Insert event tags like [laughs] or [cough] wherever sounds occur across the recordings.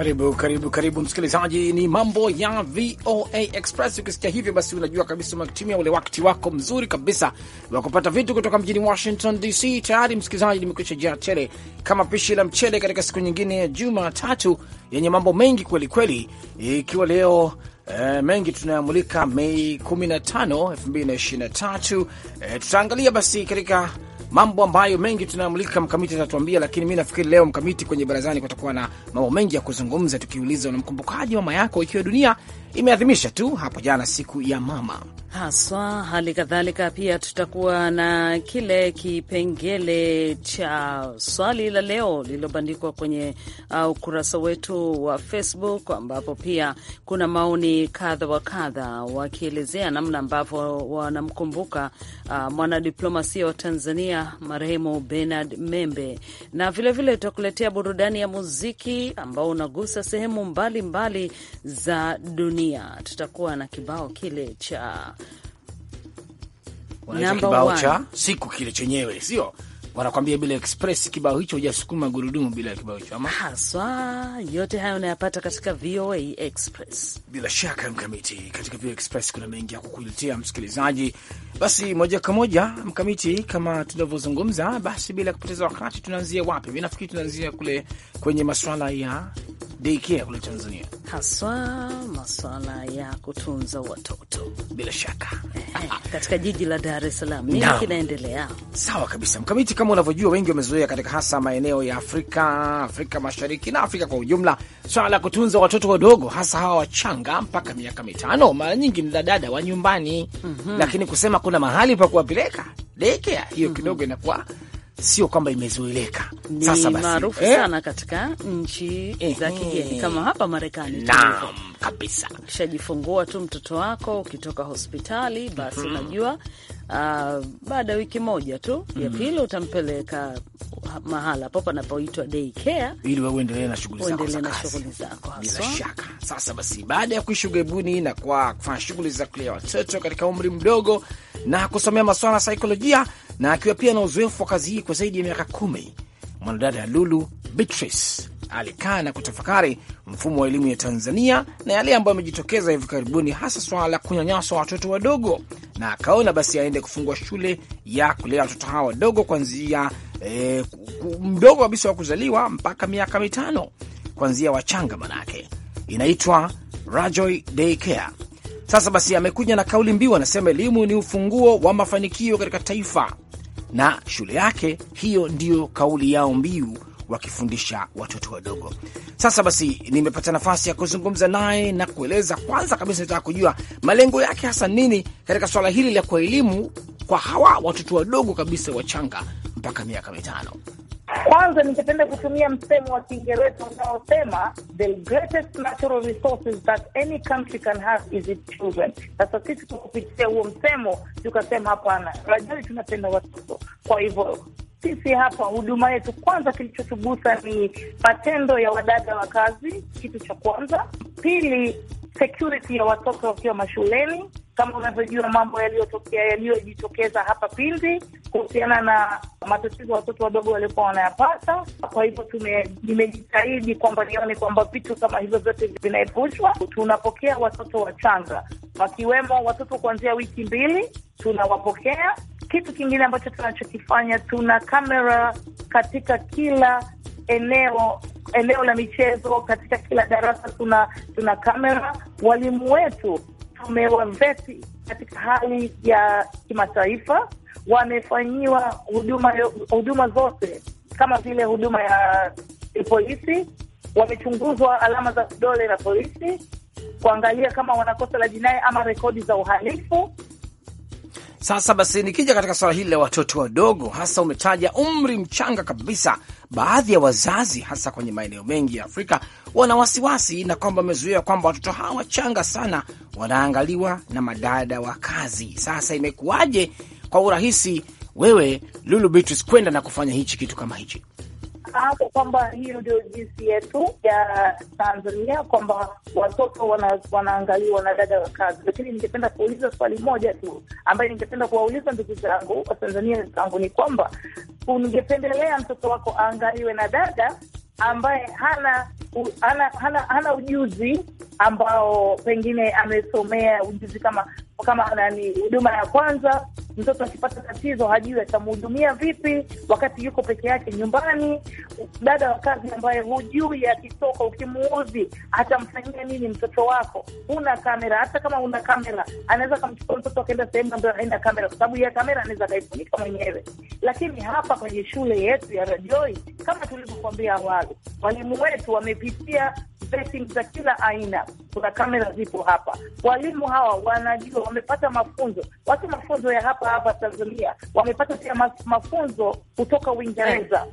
Karibu karibu karibu msikilizaji, ni mambo ya VOA Express. Ukisikia hivyo, basi unajua kabisa umetumia ule wakati wako mzuri kabisa wa kupata vitu kutoka mjini Washington DC. Tayari msikilizaji, nimekwisha jaa tele kama pishi la mchele katika siku nyingine ya Jumatatu yenye mambo mengi kwelikweli, ikiwa kweli. leo e, mengi tunayamulika Mei 15, 2023. E, tutaangalia basi katika mambo ambayo mengi tunayamulika, Mkamiti atatuambia, lakini mi nafikiri leo Mkamiti kwenye barazani kutakuwa na mambo mengi ya kuzungumza, tukiuliza unamkumbukaje mama yako, ikiwa dunia imeadhimisha tu hapo jana siku ya mama haswa. Hali kadhalika pia tutakuwa na kile kipengele cha swali la leo lililobandikwa kwenye uh, ukurasa wetu wa Facebook, ambapo pia kuna maoni kadha wa kadha wakielezea namna ambavyo wanamkumbuka uh, mwanadiplomasia wa Tanzania marehemu Bernard Membe, na vilevile tutakuletea burudani ya muziki ambao unagusa sehemu mbalimbali mbali za dunia. Tutakuwa na kibao kile cha wanaita kibao cha siku kile chenyewe, sio wanakwambia bila express kibao hicho hujasukuma gurudumu bila kibao hicho ama haswa. Yote hayo unayapata katika VOA Express bila shaka, Mkamiti. Katika VOA Express kuna mengi ya kukuletea msikilizaji. Basi moja kwa moja, Mkamiti, kama tunavyozungumza, basi bila kupoteza wakati, tunaanzia wapi? Mi nafikiri tunaanzia kule kwenye maswala ya daycare kule Tanzania, haswa maswala ya kutunza watoto bila shaka eh katika jiji la Dar es Salaam. Nini kinaendelea? Sawa kabisa Mkamiti, kama unavyojua wengi wamezoea katika hasa maeneo ya Afrika, Afrika Mashariki na Afrika kwa ujumla, swala la kutunza watoto wadogo, hasa hawa wachanga mpaka miaka mitano, mara nyingi ni la dada wa nyumbani mm -hmm. Lakini kusema kuna mahali pa kuwapeleka daycare hiyo mm -hmm. kidogo inakuwa sio kwamba imezuileka. Sasa basi maarufu eh, sana katika nchi eh, za kigeni eh. kama hapa Marekani kabisa. Ukishajifungua tu mtoto wako ukitoka hospitali basi, mm -hmm. unajua uh, baada ya wiki moja tu mm. ya pili utampeleka mahala hapo panapoitwa daycare ili wewe uendelee na shughuli zako uendelee na za kazi. Bila shaka. Sasa basi, baada ya kuishi ughaibuni na kwa kufanya shughuli za kulea watoto katika umri mdogo na kusomea masuala ya saikolojia na akiwa pia na uzoefu wa kazi hii kwa zaidi ya miaka kumi, mwanadada Lulu Beatrice alikaa na kutafakari mfumo wa elimu ya Tanzania na yale ambayo yamejitokeza hivi karibuni, hasa swala la kunyanyaswa watoto wadogo na akaona basi aende kufungua shule ya kulea watoto hawa wadogo kuanzia e, mdogo kabisa wa kuzaliwa mpaka miaka mitano kuanzia wachanga, manake inaitwa Rajoy Daycare. Sasa basi amekuja na kauli mbiu, anasema elimu ni ufunguo wa mafanikio katika taifa, na shule yake hiyo ndiyo kauli yao mbiu wakifundisha watoto wadogo. Sasa basi, nimepata nafasi ya kuzungumza naye na kueleza, kwanza kabisa nataka kujua malengo yake hasa nini katika swala hili la kuwaelimu kwa hawa watoto wadogo kabisa wachanga mpaka miaka mitano. Kwanza ningependa kutumia msemo wa Kiingereza unaosema the greatest natural resources that any country can have is its children. Sasa sisi kwa kupitia huo msemo tukasema, hapana, rajali tunapenda watoto, kwa hivyo sisi hapa huduma yetu kwanza, kilichotugusa ni matendo ya wadada wa kazi, kitu cha kwanza. Pili, security ya watoto wakiwa mashuleni kama unavyojua mambo yaliyotokea yaliyojitokeza hapa Pindi kuhusiana na matatizo watoto wadogo waliokuwa wanayapata. Kwa hivyo nimejitahidi kwamba nione kwamba vitu kama hivyo vyote vinaepushwa. Tunapokea watoto wachanga, wakiwemo watoto kuanzia wiki mbili, tunawapokea. Kitu kingine ambacho tunachokifanya, tuna kamera katika kila eneo eneo la michezo, katika kila darasa tuna tuna kamera. Walimu wetu wamewavepi katika hali ya kimataifa, wamefanyiwa huduma huduma zote kama vile huduma ya polisi, wamechunguzwa alama za vidole na polisi kuangalia kama wanakosa la jinai ama rekodi za uhalifu sasa basi, nikija katika swala hili la watoto wadogo, hasa umetaja umri mchanga kabisa, baadhi ya wazazi hasa kwenye maeneo mengi ya Afrika wana wasiwasi na kwamba wamezuia kwamba watoto hawa wachanga sana wanaangaliwa na madada wa kazi. Sasa imekuwaje kwa urahisi wewe Lulu Beatrice kwenda na kufanya hichi kitu kama hichi? hapo kwamba hiyo ndio jinsi yetu ya Tanzania, kwamba watoto wanaangaliwa wana na dada wa kazi. Lakini ningependa kuuliza swali moja tu, ambaye ningependa kuwauliza ndugu zangu wa Tanzania zangu ni kwamba ungependelea mtoto wako aangaliwe na dada ambaye hana u, hana, hana, hana ujuzi ambao pengine amesomea ujuzi kama kama nani, huduma ya kwanza. Mtoto akipata tatizo hajui atamhudumia vipi, wakati yuko peke yake nyumbani. Dada wa kazi ambaye hujui akitoka, ukimuuzi atamfanyia nini mtoto wako? Una kamera, hata kama una kamera, anaweza kamchukua mtoto akaenda sehemu ambayo haina kamera, kwa sababu ya kamera anaweza akaifunika mwenyewe. Lakini hapa kwenye shule yetu ya Rajoi, kama tulivyokuambia awali, walimu wetu wamepitia vetting za kila aina. Kuna kamera zipo hapa, walimu hawa wanajua wamepata mafunzo, watu mafunzo ya hapa hapa Tanzania, wamepata pia mafunzo kutoka Uingereza.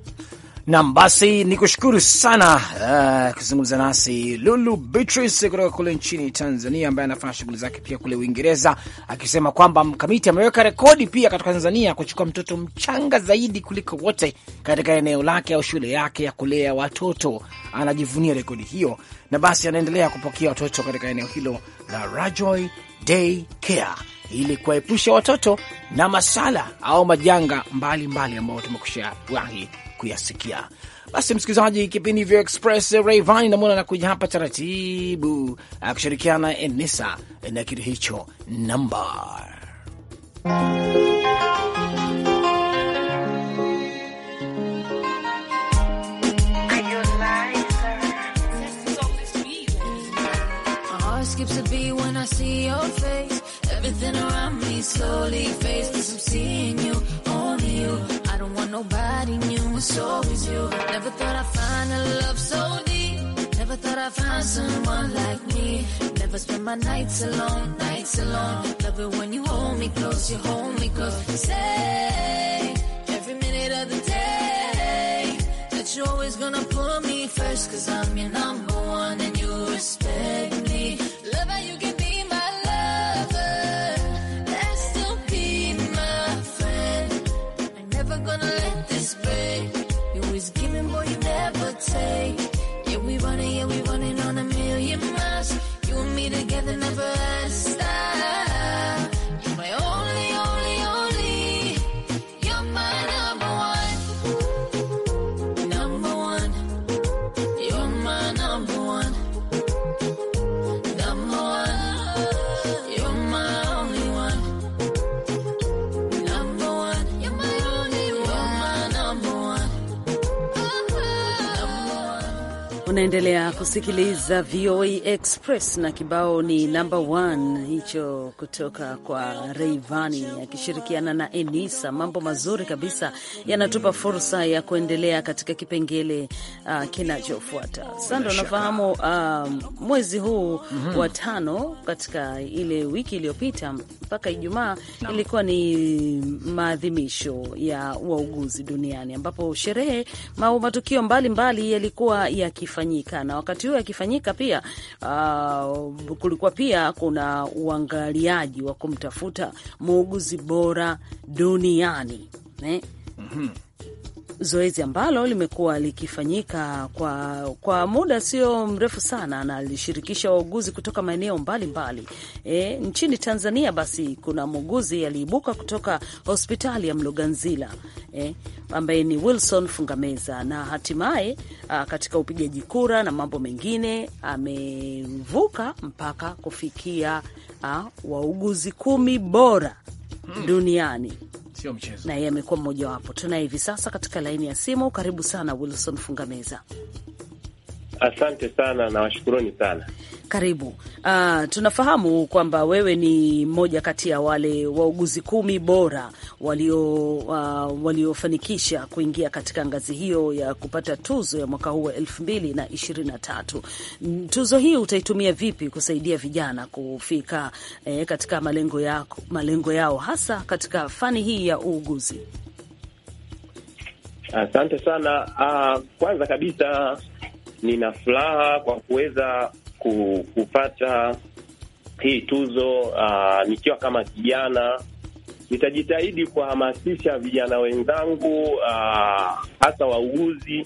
Nam, basi ni kushukuru sana uh, kuzungumza nasi Lulu Beatrice kutoka kule nchini Tanzania, ambaye anafanya shughuli zake pia kule Uingereza, akisema kwamba mkamiti ameweka rekodi pia katika Tanzania kuchukua mtoto mchanga zaidi kuliko wote katika eneo lake au shule yake ya kulea watoto. Anajivunia rekodi hiyo, na basi anaendelea kupokea watoto katika eneo hilo la Rajoy day care ili kuwaepusha watoto na masala au majanga mbalimbali ambayo wahi kuyasikia. Basi msikilizaji, kipindi vya Express Rayvan namwona anakuja hapa taratibu akishirikiana na Enisa na kitu hicho namba see your face, everything around me slowly fades. Cause I'm seeing you, only you. I don't want nobody new, it's always you. Never thought I'd find a love so deep. Never thought I'd find someone like me. Never spend my nights alone, nights alone. Love it when you hold me close, you hold me close. Say, every minute of the day, that you're always gonna put me first. Cause I'm your number one and you respect me. Love how you Unaendelea kusikiliza VOA Express na kibao ni namba hicho kutoka kwa Rayvanny akishirikiana na Enisa. Mambo mazuri kabisa yanatupa fursa ya kuendelea katika kipengele uh, kinachofuata. Sando, unafahamu uh, mwezi huu mm -hmm. wa tano katika ile wiki iliyopita mpaka Ijumaa no. ilikuwa ni maadhimisho ya wauguzi duniani ambapo sherehe au matukio mbalimbali yalikuwa yakifanyika kufanyika, na wakati huo yakifanyika pia uh, kulikuwa pia kuna uangaliaji wa kumtafuta muuguzi bora duniani eh? mm -hmm zoezi ambalo limekuwa likifanyika kwa, kwa muda sio mrefu sana na lilishirikisha wauguzi kutoka maeneo mbalimbali e, nchini Tanzania. Basi kuna muuguzi aliibuka kutoka hospitali ya Mloganzila e, ambaye ni Wilson Fungameza, na hatimaye katika upigaji kura na mambo mengine amevuka mpaka kufikia a, wauguzi kumi bora hmm. duniani sio mchezo, na yeye amekuwa mmojawapo. Tunaye hivi sasa katika laini ya simu. Karibu sana Wilson Fungameza. Asante sana na washukuruni sana. Karibu. Uh, tunafahamu kwamba wewe ni mmoja kati ya wale wauguzi kumi bora walio uh, waliofanikisha kuingia katika ngazi hiyo ya kupata tuzo ya mwaka huu wa elfu mbili na ishirini na tatu. Mm, tuzo hii utaitumia vipi kusaidia vijana kufika eh, katika malengo yako, malengo yao hasa katika fani hii ya uuguzi? Asante sana. Uh, kwanza kabisa nina furaha kwa kuweza kupata hii tuzo uh, nikiwa kama kijana nitajitahidi kuwahamasisha vijana wenzangu ah, hasa wauguzi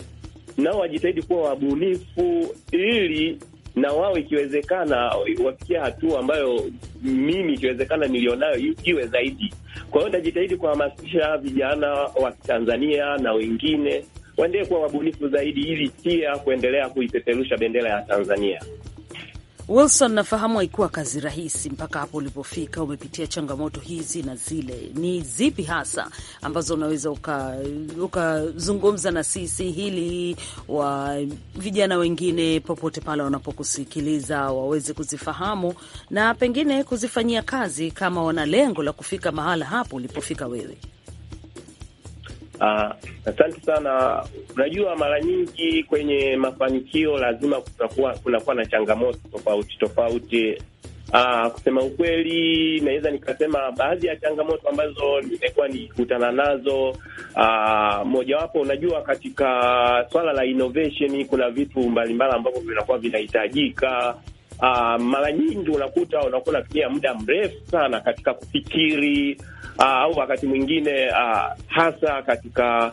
nao wajitahidi kuwa wabunifu, ili na wao ikiwezekana wafikia hatua ambayo mimi ikiwezekana nilionayo iwe zaidi. Kwa hiyo nitajitahidi kuhamasisha vijana wa Kitanzania na wengine waendelee kuwa wabunifu zaidi, ili pia kuendelea kuipeperusha bendera ya Tanzania. Wilson, nafahamu haikuwa kazi rahisi mpaka hapo ulipofika. Umepitia changamoto hizi na zile, ni zipi hasa ambazo unaweza ukazungumza uka na sisi hili wa vijana wengine popote pale wanapokusikiliza waweze kuzifahamu na pengine kuzifanyia kazi kama wana lengo la kufika mahala hapo ulipofika wewe? Ah, asante sana. Unajua, mara nyingi kwenye mafanikio lazima kutakuwa kunakuwa na changamoto tofauti tofauti. Uh, kusema ukweli, naweza nikasema baadhi ya changamoto ambazo nimekuwa nikikutana nazo uh, mojawapo, unajua, katika swala la innovation kuna vitu mbalimbali ambavyo vinakuwa vinahitajika. Uh, mara nyingi unakuta unakuwa unatumia muda mrefu sana katika kufikiri Ah, au wakati mwingine uh, hasa katika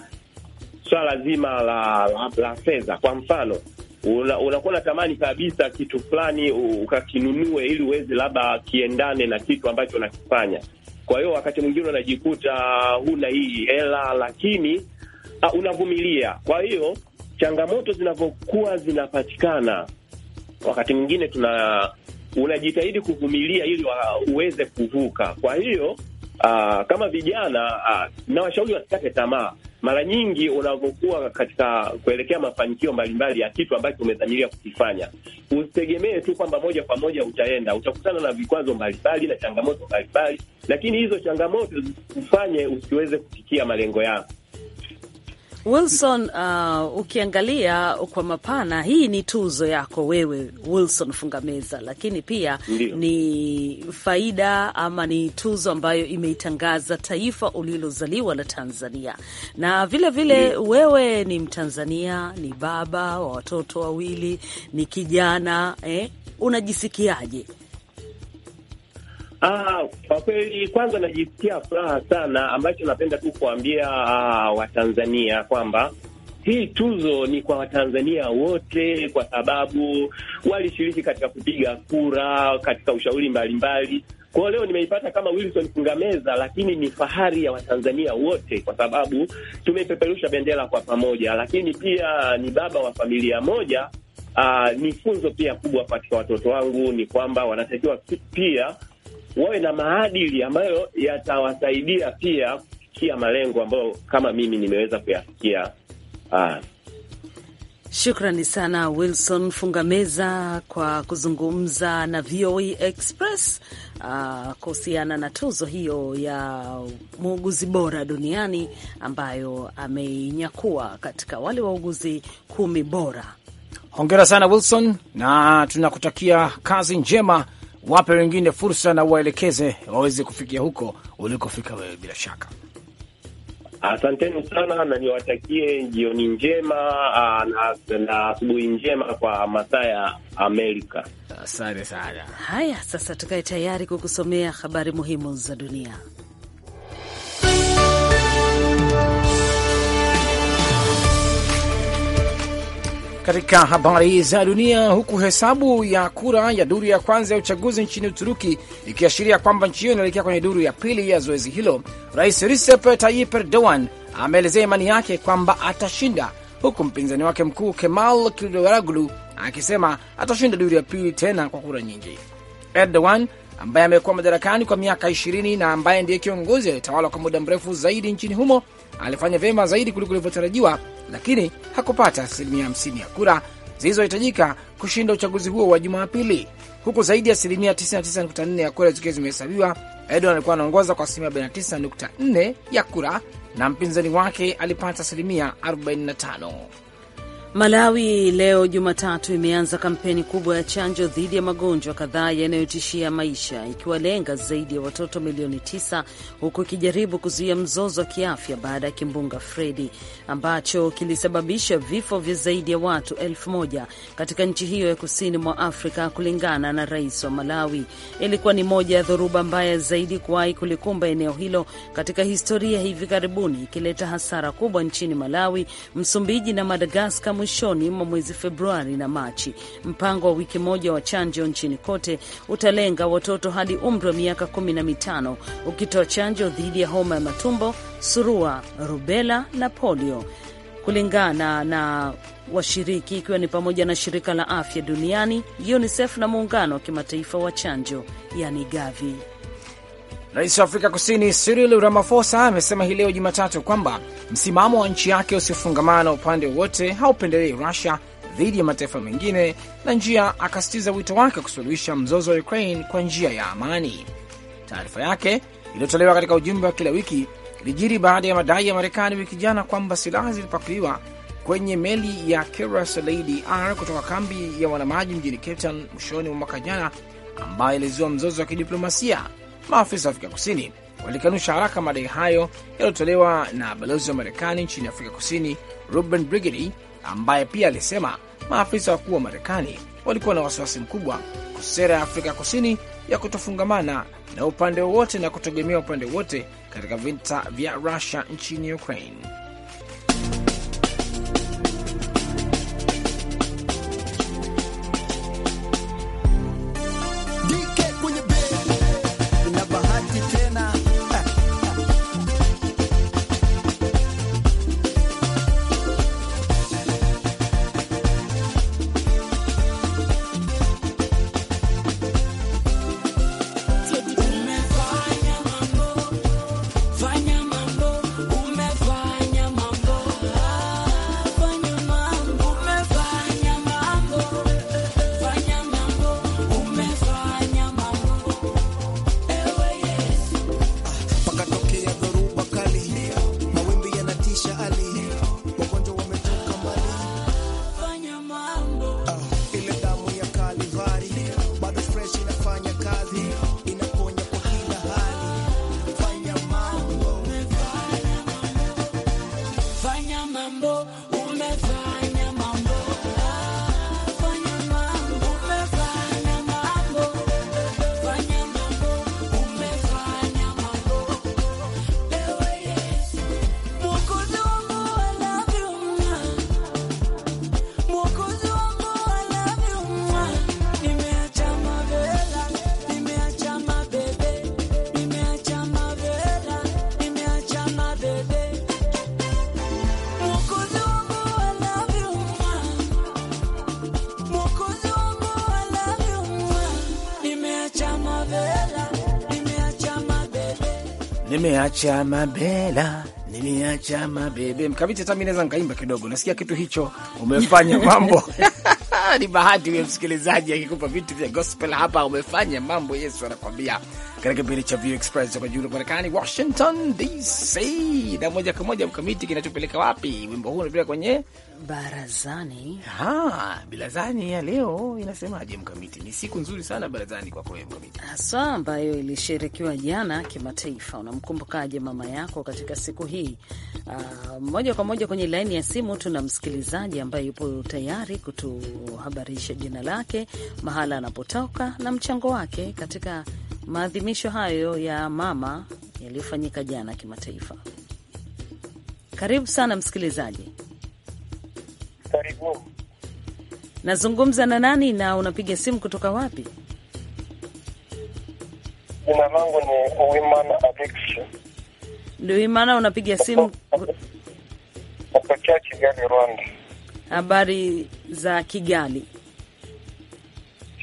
swala zima la, la, la fedha. Kwa mfano unakuwa una natamani kabisa kitu fulani ukakinunue ili uweze labda kiendane na kitu ambacho unakifanya. Kwa hiyo wakati mwingine unajikuta huna hii hela, lakini uh, unavumilia. Kwa hiyo changamoto zinavyokuwa zinapatikana, wakati mwingine tuna unajitahidi kuvumilia ili uweze kuvuka. Kwa hiyo Ah, kama vijana ah, na washauri wasikate tamaa. Mara nyingi unavyokuwa katika kuelekea mafanikio mbalimbali ya kitu ambacho umedhamiria kukifanya, usitegemee tu kwamba moja kwa moja utaenda. Utakutana na vikwazo mbalimbali na changamoto mbalimbali, lakini hizo changamoto zikufanye usiweze kufikia malengo yako. Wilson, uh, ukiangalia kwa mapana, hii ni tuzo yako wewe Wilson Fungameza, lakini pia Ndiyo. ni faida ama ni tuzo ambayo imeitangaza taifa ulilozaliwa la Tanzania, na vile vile Ndiyo. wewe ni Mtanzania, ni baba wa watoto wawili, ni kijana eh, unajisikiaje Ah, kwa kweli kwanza najisikia furaha sana. Ambacho napenda tu kuambia ah, Watanzania kwamba hii tuzo ni kwa Watanzania wote, kwa sababu walishiriki katika kupiga kura, katika ushauri mbalimbali. Kwa leo nimeipata kama Wilson Kungameza, lakini ni fahari ya Watanzania wote kwa sababu tumepeperusha bendera kwa pamoja, lakini pia ni baba wa familia moja. Uh, ni funzo pia kubwa katika watoto wangu ni kwamba wanatakiwa pia wawe na maadili ambayo yatawasaidia pia kufikia malengo ambayo kama mimi nimeweza kuyafikia. Ah. Shukrani sana Wilson Fungameza kwa kuzungumza na VOA e Express ah, kuhusiana na tuzo hiyo ya muuguzi bora duniani ambayo ameinyakua katika wale wauguzi kumi bora. Hongera sana Wilson, na tunakutakia kazi njema wape wengine fursa na waelekeze waweze kufikia huko ulikofika wewe. Bila shaka, asanteni sana na niwatakie jioni njema ah, na asubuhi njema kwa masaa ya Amerika. Asante sana. Haya, sasa tukae tayari kukusomea habari muhimu za dunia. Katika habari za dunia, huku hesabu ya kura ya duru ya kwanza ya uchaguzi nchini Uturuki ikiashiria kwamba nchi hiyo inaelekea kwenye duru ya pili ya zoezi hilo, Rais Recep Tayyip Erdogan ameelezea imani yake kwamba atashinda, huku mpinzani wake mkuu Kemal Kılıçdaroğlu akisema atashinda duru ya pili tena kwa kura nyingi. Erdogan ambaye amekuwa madarakani kwa miaka ishirini na ambaye ndiye kiongozi aliyetawala kwa muda mrefu zaidi nchini humo alifanya vyema zaidi kuliko ilivyotarajiwa lakini hakupata asilimia 50 ya kura zilizohitajika kushinda uchaguzi huo wa Jumapili, huku zaidi ya asilimia 99.4 ya kura zikiwa zimehesabiwa. Edward alikuwa anaongoza kwa asilimia 49.4 ya kura na mpinzani wake alipata asilimia 45. Malawi leo Jumatatu imeanza kampeni kubwa ya chanjo dhidi ya magonjwa kadhaa yanayotishia maisha ikiwalenga zaidi ya watoto milioni 9 huku ikijaribu kuzuia mzozo wa kiafya baada ya kimbunga Fredi ambacho kilisababisha vifo vya zaidi ya watu elfu moja katika nchi hiyo ya kusini mwa Afrika. Kulingana na rais wa Malawi, ilikuwa ni moja ya dhoruba mbaya zaidi kuwahi kulikumba eneo hilo katika historia hivi karibuni, ikileta hasara kubwa nchini Malawi, Msumbiji na Madagaskar mwishoni mwa mwezi Februari na Machi. Mpango wa wiki moja wa chanjo nchini kote utalenga watoto hadi umri wa miaka kumi na mitano ukitoa chanjo dhidi ya homa ya matumbo, surua, rubela na polio kulingana na washiriki ikiwa ni pamoja na shirika la afya duniani, UNICEF na muungano wa kimataifa wa chanjo yani Gavi. Rais wa Afrika Kusini Cyril Ramaphosa amesema hii leo Jumatatu kwamba msimamo wa nchi yake usiofungamana na upande wowote haupendelei Rusia dhidi ya mataifa mengine na njia, akasitiza wito wake kusuluhisha mzozo wa Ukraine kwa njia ya amani. Taarifa yake iliyotolewa katika ujumbe wa kila wiki ilijiri baada ya madai ya Marekani wiki jana kwamba silaha zilipakuliwa kwenye meli ya Keras Lady R kutoka kambi ya wanamaji mjini Cape Town mwishoni mwa mwaka jana, ambayo ilizua mzozo wa kidiplomasia Maafisa wa Afrika Kusini walikanusha haraka madai hayo yaliyotolewa na balozi wa Marekani nchini Afrika Kusini Ruben Brigedy, ambaye pia alisema maafisa wakuu wa Marekani walikuwa na wasiwasi mkubwa kwa sera ya Afrika Kusini ya kutofungamana na upande wowote na kutegemea upande wowote katika vita vya Rusia nchini Ukraine. nimeacha mabela nimeacha mabebe mkamiti. Hata mi naweza nkaimba kidogo, nasikia kitu hicho. Umefanya [laughs] mambo [laughs] ni bahati huye msikilizaji akikupa vitu vya gospel hapa. Umefanya mambo, Yesu anakwambia katika kipindi cha View Express toka juu Marekani, Washington DC. Na moja kwa moja mkamiti, kinachopeleka wapi wimbo huu? Unapeleka kwenye barazani. Ha, barazani ya leo inasemaje Mkamiti? Ni siku nzuri sana barazani kwako wewe Mkamiti, haswa ambayo ilisherekiwa jana kimataifa. Unamkumbukaje mama yako katika siku hii? Uh, moja kwa moja kwenye laini ya simu tuna msikilizaji ambaye yupo tayari kutuhabarisha jina lake, mahala anapotoka na mchango wake katika maadhimisho hayo ya mama yaliyofanyika jana kimataifa. Karibu sana msikilizaji. Karibu. Nazungumza na nani na unapiga simu kutoka wapi? Jina langu ni Wimana Addiction. Ndio Wimana, unapiga simu kutokea Kigali, Rwanda. Habari za Kigali?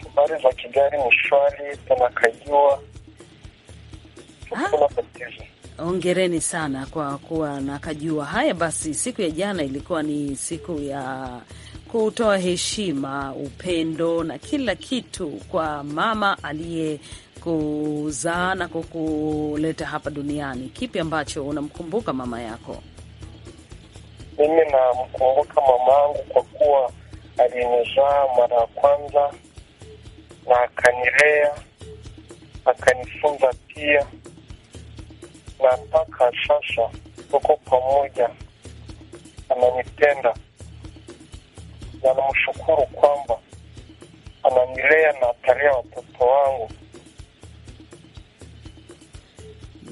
Habari za Kigali ni shwari, tunakajua, ah. hakuna tatizo ongereni sana kwa kuwa nakajua Haya basi, siku ya jana ilikuwa ni siku ya kutoa heshima, upendo na kila kitu kwa mama aliye kuzaa na kukuleta hapa duniani. Kipi ambacho unamkumbuka mama yako? Mimi namkumbuka mamangu kwa kuwa alinizaa mara ya kwanza na akanilea, akanifunza pia na mpaka sasa tuko pamoja, ananipenda na namshukuru kwamba ananilea na atalea watoto wangu.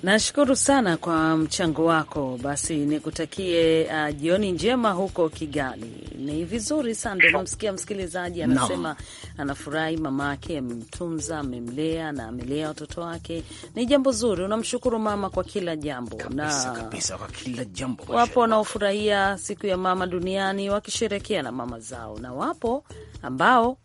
Nashukuru sana kwa mchango wako. Basi nikutakie uh, jioni njema huko Kigali. Ni vizuri sana, namsikia msikilizaji anasema no. Anafurahi mamake amemtunza, amemlea na amelea watoto wake. Ni jambo zuri, unamshukuru mama kwa kila jambo kabisa, na kabisa, kwa kila jambo. Wapo wanaofurahia siku ya mama duniani wakisherekea na mama zao, na wapo ambao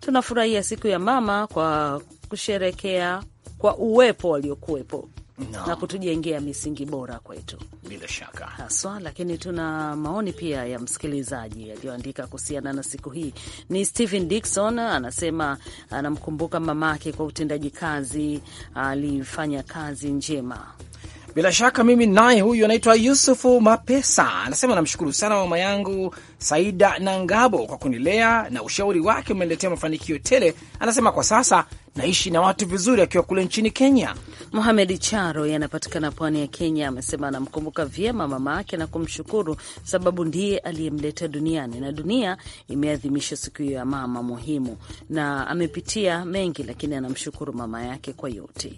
tunafurahia siku ya mama kwa kusherekea kwa uwepo waliokuwepo no. na kutujengea misingi bora kwetu bila shaka haswa. Lakini tuna maoni pia ya msikilizaji aliyoandika kuhusiana na siku hii. Ni Stephen Dikson anasema anamkumbuka mamake kwa utendaji kazi, alifanya kazi njema bila shaka mimi naye huyu anaitwa Yusufu Mapesa anasema namshukuru sana mama yangu Saida na Ngabo kwa kunilea na ushauri wake umeniletea mafanikio tele. Anasema kwa sasa naishi na watu vizuri, akiwa kule nchini Kenya. muhamed Charo anapatikana pwani ya Kenya amesema anamkumbuka vyema mama yake na kumshukuru sababu ndiye aliyemleta duniani na dunia imeadhimisha siku hiyo ya mama muhimu, na amepitia mengi, lakini anamshukuru mama yake kwa yote.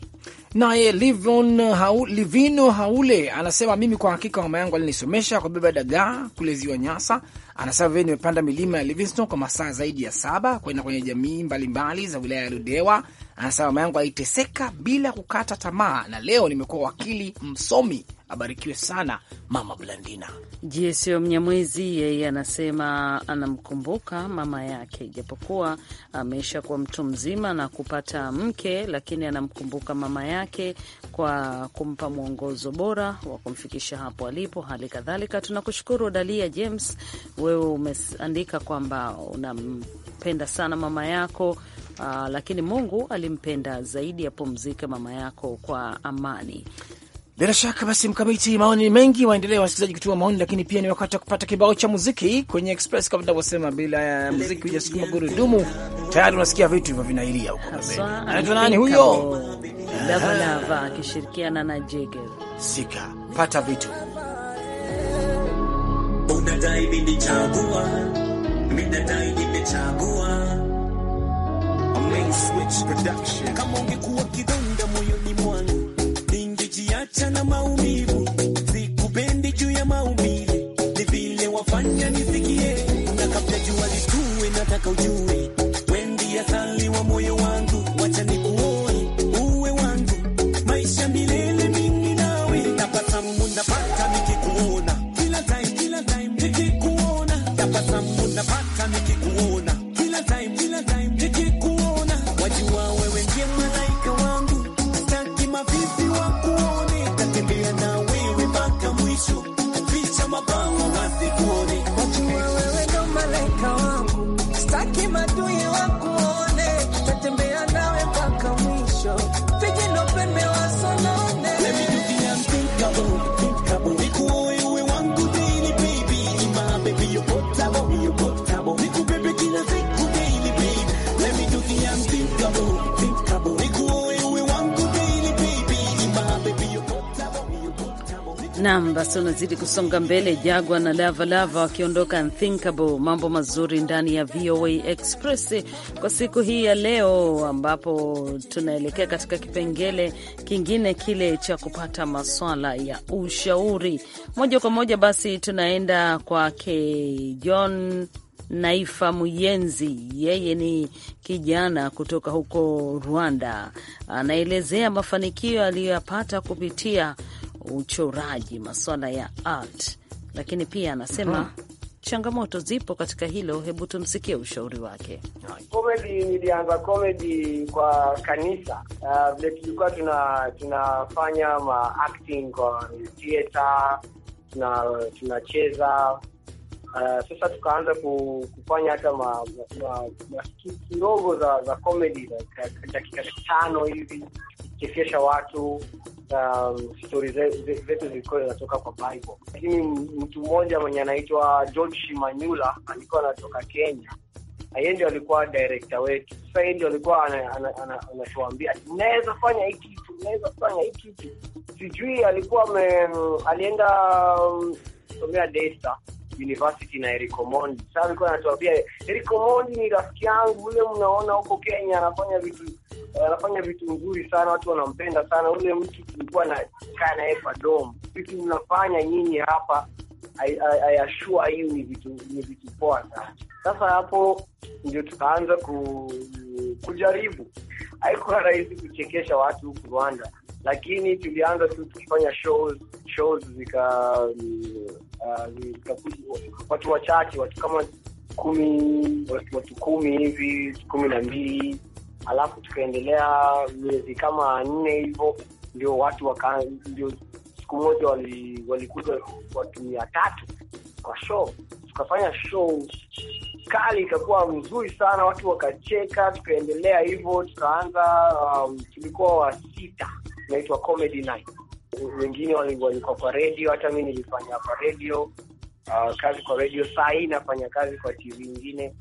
Naye Livino Haule anasema mimi kwa hakika mama yangu alinisomesha beba dagaa kule ziwa Nyasa anasema vile nimepanda milima ya Livingstone kwa masaa zaidi ya saba kwenda kwenye jamii mbalimbali mbali za wilaya ya Ludewa Anasema mama yangu aliteseka bila kukata tamaa, na leo nimekuwa wakili msomi. Abarikiwe sana mama Blandina. Jesio Mnyamwezi yeye anasema anamkumbuka mama yake, ijapokuwa amesha kuwa mtu mzima na kupata mke, lakini anamkumbuka mama yake kwa kumpa mwongozo bora wa kumfikisha hapo alipo. Hali kadhalika tunakushukuru Dalia James, wewe umeandika kwamba unampenda sana mama yako uh, lakini Mungu alimpenda zaidi, apumzike mama yako kwa amani. Bila shaka basi, Mkamiti, maoni mengi waendelea wasikilizaji kutuma maoni, lakini pia ni wakati wa kupata kibao cha muziki kwenye Express. Kama tunavyosema, bila ya muziki hujasukuma gurudumu. Tayari unasikia vitu hivyo vinailia huko. Anaitwa nani huyo? Lavalava akishirikiana na Jege Sika. Pata vitu unadai, nimechagua, nimechagua Main Switch Production. Kama ungekuwa kidonda moyoni mwangu, ningejiacha na maumivu, sikupendi juu ya maumbile, ni vile wafanya nisikie, na kabla jua litue nataka ujue wanazidi kusonga mbele, Jagwa na Lavalava wakiondoka Unthinkable. Mambo mazuri ndani ya VOA Express kwa siku hii ya leo, ambapo tunaelekea katika kipengele kingine kile cha kupata maswala ya ushauri moja kwa moja. Basi tunaenda kwake John Naifa Muyenzi, yeye ni kijana kutoka huko Rwanda, anaelezea mafanikio aliyoyapata kupitia uchoraji, maswala ya art, lakini pia anasema mm -hmm. Changamoto zipo katika hilo. Hebu tumsikie ushauri wake. Komedi, nilianza komedi kwa kanisa uh, vile. Uh, tulikuwa tuna tunafanya ma acting kwa theater, tuna tunacheza uh, sasa tukaanza kufanya hata ma, ma, ma, ma, kidogo za za dakika tano hivi kuchekesha watu um, stori zetu zilikuwa zinatoka kwa Bible. Lakini mtu mmoja mwenye anaitwa George Shimanyula alikuwa anatoka Kenya, yeye ndio alikuwa director wetu. Sasa yeye ndio alikuwa anatuambia naweza fanya hii kitu, naweza fanya hii kitu. Sijui alikuwa alienda um, somea Daystar University na Eriko Mondi. Sasa alikuwa anatuambia Eriko ni rafiki yangu yule, mnaona huko Kenya anafanya vitu anafanya vitu nzuri sana, watu wanampenda sana ule mtu. Tulikuwa na kaa naye kwa dom, vitu mnafanya nyinyi hapa ayashua hiyo ni vitu ni vitu poa sana. Sasa hapo ndio tukaanza ku, kujaribu. Haikuwa rahisi kuchekesha watu huku Rwanda lakini tulianza tu kufanya shows shows zika uh, watu wachache, watu kama kumi, watu kumi hivi kumi na mbili, alafu tukaendelea miezi kama nne hivyo, ndio watu waka, ndio siku moja walikuja wali watu mia tatu kwa show, tukafanya show kali ikakuwa mzuri sana, watu wakacheka, tukaendelea hivyo, tukaanza um, tulikuwa wasita inaitwa Comedy Night. Wengine walikuwa kwa radio, hata mi nilifanya kwa radio uh, kazi kwa radio. Saa hii nafanya kazi kwa TV nyingine.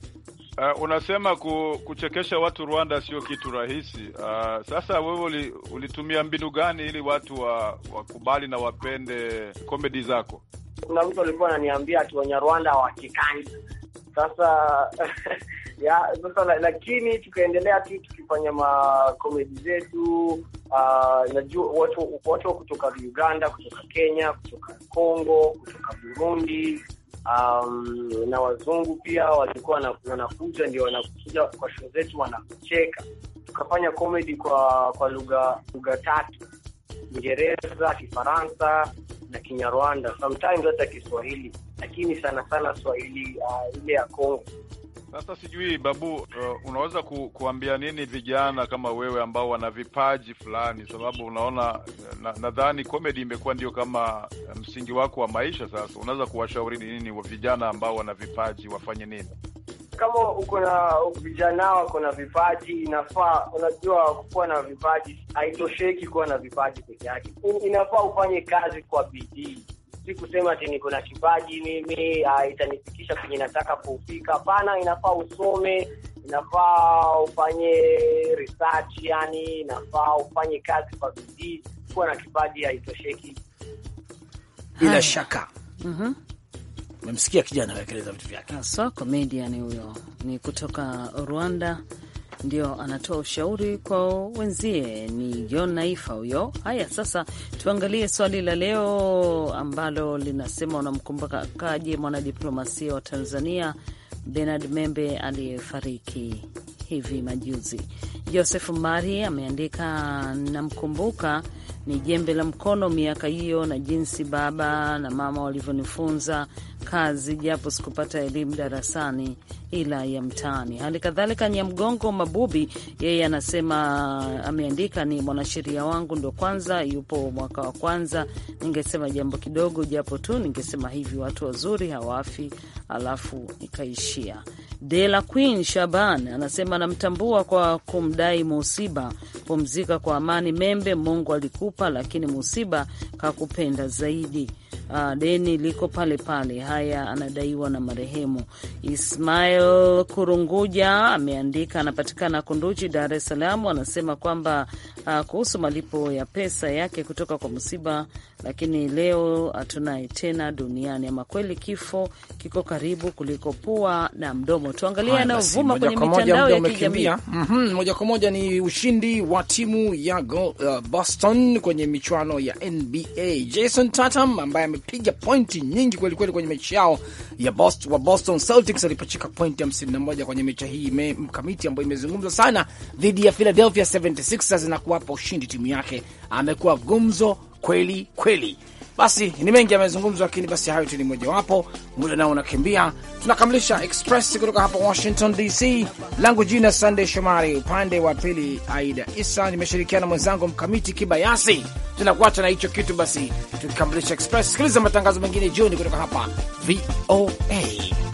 Uh, unasema ku, kuchekesha watu Rwanda sio kitu rahisi. Uh, sasa wewe ulitumia mbinu gani ili watu wa, wakubali na wapende komedi zako? Kuna mtu alikuwa ananiambia ati Wanyarwanda hawatikani. Sasa [laughs] ya sasa, lakini tukaendelea tu tukifanya makomedi zetu. Uh, najua watu watu kutoka Uganda, kutoka Kenya, kutoka Congo, kutoka Burundi um, na wazungu pia walikuwa wanakuja, ndio wanakuja kwa show zetu, wanacheka. Tukafanya komedi kwa kwa lugha lugha tatu: Kiingereza, Kifaransa na Kinyarwanda, sometimes hata Kiswahili, lakini sana sana Swahili uh, ile ya Congo sasa sijui Babu, uh, unaweza ku, kuambia nini vijana kama wewe ambao wana vipaji fulani, sababu unaona nadhani na comedy imekuwa ndio kama uh, msingi wako wa maisha. Sasa unaweza kuwashauri nini wa vijana ambao wana vipaji wafanye nini? Kama uko na vijana wako na vipaji, inafaa unajua, kuwa na vipaji haitosheki kuwa na vipaji peke yake, inafaa ufanye kazi kwa bidii si kusema ati niko na kipaji mimi uh, itanifikisha kwenye nataka kufika. Hapana, inafaa usome, inafaa ufanye research, yani inafaa ufanye kazi kwa bidii. Kuwa na kipaji haitosheki bila shaka. mm-hmm. Memsikia kijana akaeleza vitu vyake, so comedian huyo ni kutoka Rwanda ndio anatoa ushauri kwa wenzie. Ni John Naifa huyo. Haya, sasa tuangalie swali la leo ambalo linasema unamkumbukaje mwanadiplomasia wa Tanzania Bernard Membe aliyefariki hivi majuzi? Joseph Mari ameandika namkumbuka ni jembe la mkono miaka hiyo, na jinsi baba na mama walivyonifunza kazi, japo sikupata elimu darasani ila ya mtaani. Hali kadhalika Nyamgongo Mabubi yeye anasema, ameandika ni mwanasheria wangu, ndo kwanza yupo mwaka wa kwanza. Ningesema jambo kidogo, japo tu ningesema hivi, watu wazuri hawafi. Alafu nikaishia De La Queen Shaban anasema, namtambua kwa kumdai musiba, pumzika kwa amani Membe, Mungu alikupa kukupa, lakini musiba kakupenda zaidi uh, deni liko pale pale. Haya anadaiwa na marehemu Ismail Kurunguja, ameandika anapatikana Kunduchi, Dar es Salaam. Anasema kwamba uh, kuhusu malipo ya pesa yake kutoka kwa msiba, lakini leo hatunaye tena duniani. Ama kweli kifo kiko karibu kuliko pua na mdomo. Tuangalie anayovuma kwenye mitandao ya kijamii. Mm -hmm, moja kwa moja ni ushindi wa timu ya eh, Boston kwenye michuano ya NBA. Jason Tatum ambaye walipiga pointi nyingi kwelikweli kwenye mechi yao ya Boston, wa Boston Celtics alipachika pointi 51 kwenye mechi hii me, mkamiti ambayo imezungumzwa sana dhidi ya Philadelphia 76ers na kuwapa ushindi timu yake. Amekuwa gumzo kweli kweli. Basi ni mengi yamezungumzwa, lakini basi hayo tu ni mojawapo. Muda nao unakimbia, tunakamilisha Express kutoka hapa Washington DC. Langu jina Sandey Shomari, upande wa pili Aida Isa, nimeshirikiana mwenzangu Mkamiti Kibayasi. Tunakuacha na hicho kitu basi, tukikamilisha Express. Sikiliza matangazo mengine jioni kutoka hapa VOA.